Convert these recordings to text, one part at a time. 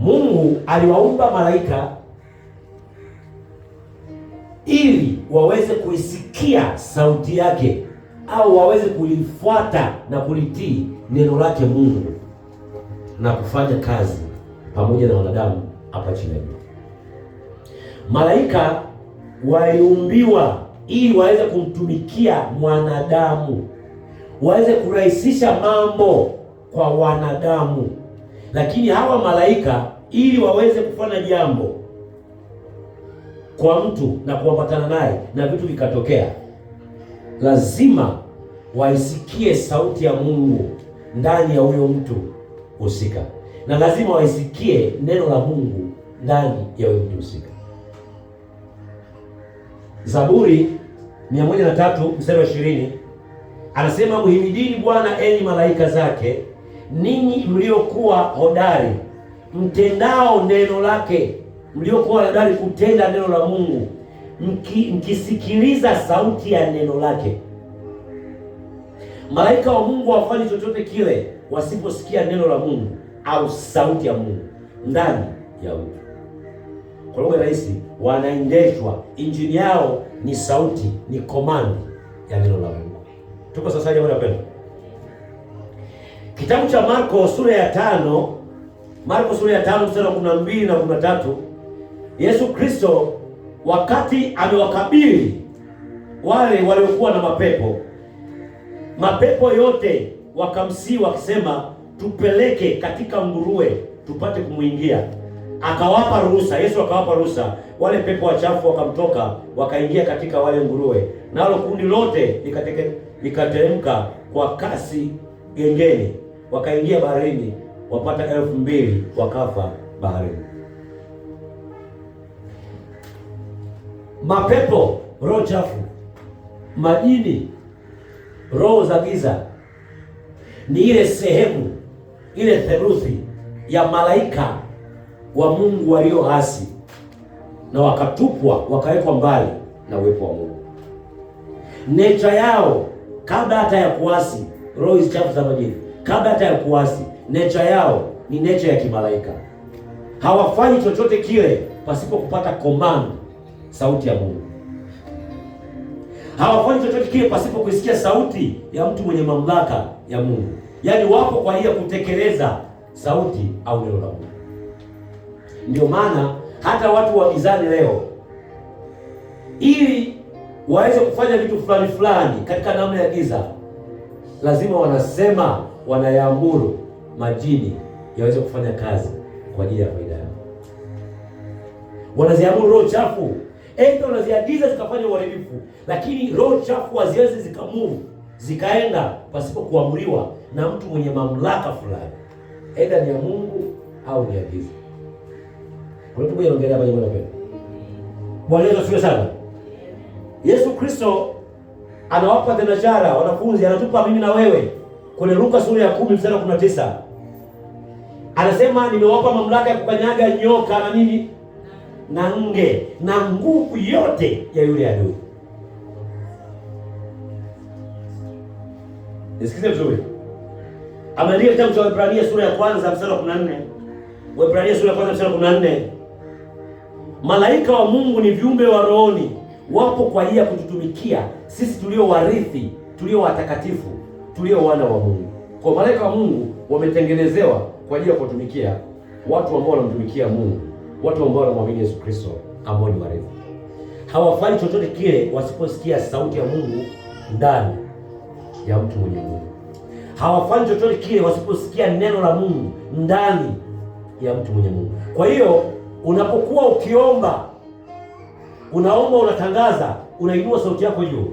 Mungu aliwaumba malaika ili waweze kuisikia sauti yake au waweze kulifuata na kulitii neno lake Mungu na kufanya kazi pamoja na wanadamu hapa chini. Malaika waliumbiwa ili waweze kumtumikia mwanadamu, waweze kurahisisha mambo kwa wanadamu. Lakini hawa malaika ili waweze kufanya jambo kwa mtu na kuambatana naye na vitu vikatokea, lazima waisikie sauti ya Mungu ndani ya huyo mtu husika, na lazima waisikie neno la Mungu ndani ya huyo mtu husika. Zaburi 103 mstari wa 20 anasema, mhimidini Bwana enyi malaika zake ninyi mliokuwa hodari mtendao neno lake, mliokuwa hodari kutenda neno la Mungu, mki, mkisikiliza sauti ya neno lake. Malaika wa Mungu hawafanyi chochote kile wasiposikia neno la Mungu au sauti ya Mungu ndani ya mtu. Kwa lugha rahisi, wanaendeshwa, injini yao ni sauti, ni komandi ya neno la Mungu. Tuko sasa hivi, wanapenda Kitabu cha Marko sura ya tano, Marko sura ya tano mstari wa kumi na mbili na kumi na tatu Yesu Kristo wakati amewakabili wale waliokuwa na mapepo, mapepo yote wakamsii wakisema, tupeleke katika nguruwe tupate kumwingia. Akawapa ruhusa, Yesu akawapa ruhusa. Wale pepo wachafu wakamtoka wakaingia katika wale nguruwe, nalo kundi lote likateremka kwa kasi gengeni wakaingia baharini wapata elfu mbili wakafa baharini. Mapepo, roho chafu, majini, roho za giza ni ile sehemu, ile theluthi ya malaika wa Mungu walio hasi na wakatupwa, wakawekwa mbali na uwepo wa Mungu. Nature yao kabla hata ya kuasi, roho chafu za majini kabla hata ya kuasi. necha yao ni necha ya kimalaika, hawafanyi chochote kile pasipo kupata command, sauti ya Mungu. Hawafanyi chochote kile pasipo kuisikia sauti ya mtu mwenye mamlaka ya Mungu, yaani wapo kwa hiyo kutekeleza sauti au neno la Mungu. Ndio maana hata watu wa mizani leo ili waweze kufanya vitu fulani fulani katika namna ya giza, lazima wanasema wanayaamuru majini yaweze kufanya kazi kwa ajili ya faida yao. Wanaziamuru roho chafu, aidha wanaziagiza zikafanya uharibifu, lakini roho chafu haziwezi zikamove zikaenda pasipo kuamriwa na mtu mwenye mamlaka fulani, aidha ni ya Mungu au ni agizo. Tunaongelea Bwana sana. Yesu Kristo anawapa thenashara wanafunzi, anatupa mimi na wewe kwenye Luka sura ya kumi mstari wa kumi na tisa anasema nimewapa mamlaka ya kukanyaga nyoka na nini na nge na nguvu yote ya yule adui. Nisikize vizuri, angalia kitabu cha Waebrania sura ya kwanza mstari wa kumi na nne Waebrania sura ya kwanza mstari wa kumi na nne Malaika wa Mungu ni viumbe wa rohoni, wapo kwa ajili ya kututumikia sisi tulio warithi, tulio watakatifu tulio wana wa Mungu. Kwa malaika wa Mungu wametengenezewa kwa ajili ya kuwatumikia watu ambao wanamtumikia Mungu, watu ambao wanamwamini Yesu Kristo, ambao ni warefu. Hawafanyi chochote kile wasiposikia sauti ya Mungu ndani ya mtu mwenye Mungu. Hawafanyi chochote kile wasiposikia neno la Mungu ndani ya mtu mwenye Mungu. Kwa hiyo unapokuwa ukiomba, unaomba, unatangaza, unainua sauti yako juu,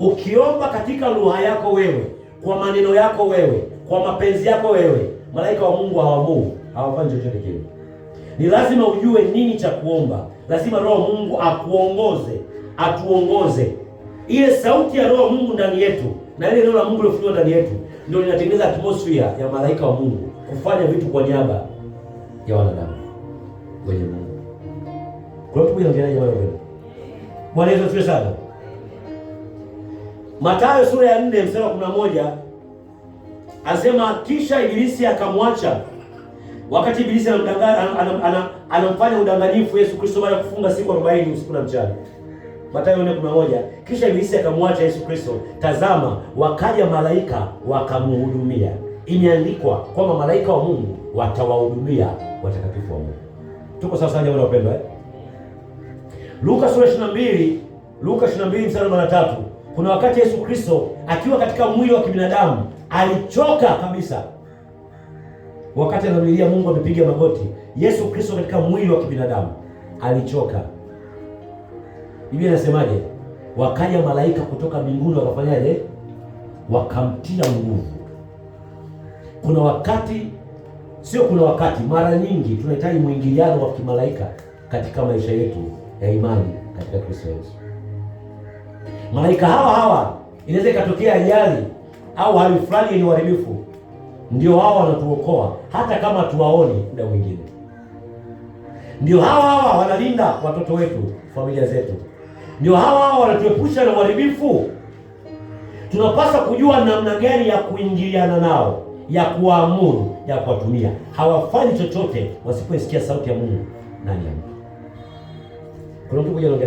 ukiomba katika lugha yako wewe kwa maneno yako wewe, kwa mapenzi yako wewe. Malaika wa Mungu hawamuu, hawafanyi chochote kile. Ni lazima ujue nini cha kuomba, lazima Roho Mungu akuongoze, atuongoze. Ile sauti ya Roho Mungu ndani yetu na ile neno la Mungu lilofunuliwa ndani yetu ndio linatengeneza atmosphere ya malaika wa Mungu kufanya vitu kwa niaba ya wanadamu wenye Mungu. Kwa mtu mwingine wewe. Bwana Yesu asifiwe sana. Mathayo sura ya 4 mstari wa 11 asema, kisha Ibilisi akamwacha. Wakati Ibilisi anamdanganya anamfanya udanganyifu Yesu Kristo baada ya kufunga siku 40 usiku na mchana. Mathayo 4:11 kisha Ibilisi akamwacha Yesu Kristo, tazama, wakaja malaika wakamhudumia. Imeandikwa kwamba malaika wa Mungu watawahudumia watakatifu wa Mungu. Tuko sawa sana wapendwa, eh? Luka sura 22, Luka 22 mstari wa 3 kuna wakati Yesu Kristo akiwa katika mwili wa kibinadamu alichoka kabisa, wakati anamlilia Mungu amepiga magoti. Yesu Kristo katika mwili wa kibinadamu alichoka. Biblia inasemaje? Wakaja malaika kutoka mbinguni wakafanyaje? Wakamtia nguvu. Kuna wakati sio, kuna wakati, mara nyingi tunahitaji mwingiliano wa kimalaika katika maisha yetu ya imani katika Kristo Yesu malaika hawa hawa, inaweza ikatokea ajali au hali fulani yenye uharibifu, ndio hawa wanatuokoa hata kama tuwaoni muda mwingine. Ndio hawa hawa wanalinda watoto wetu, familia zetu, ndio hawa hawa wanatuepusha na uharibifu. Tunapaswa kujua namna gani ya kuingiliana nao, ya kuwaamuru, ya kuwatumia. Hawafanyi chochote wasipoisikia sauti ya Mungu ndani ya mtu. Kuna mtu kuja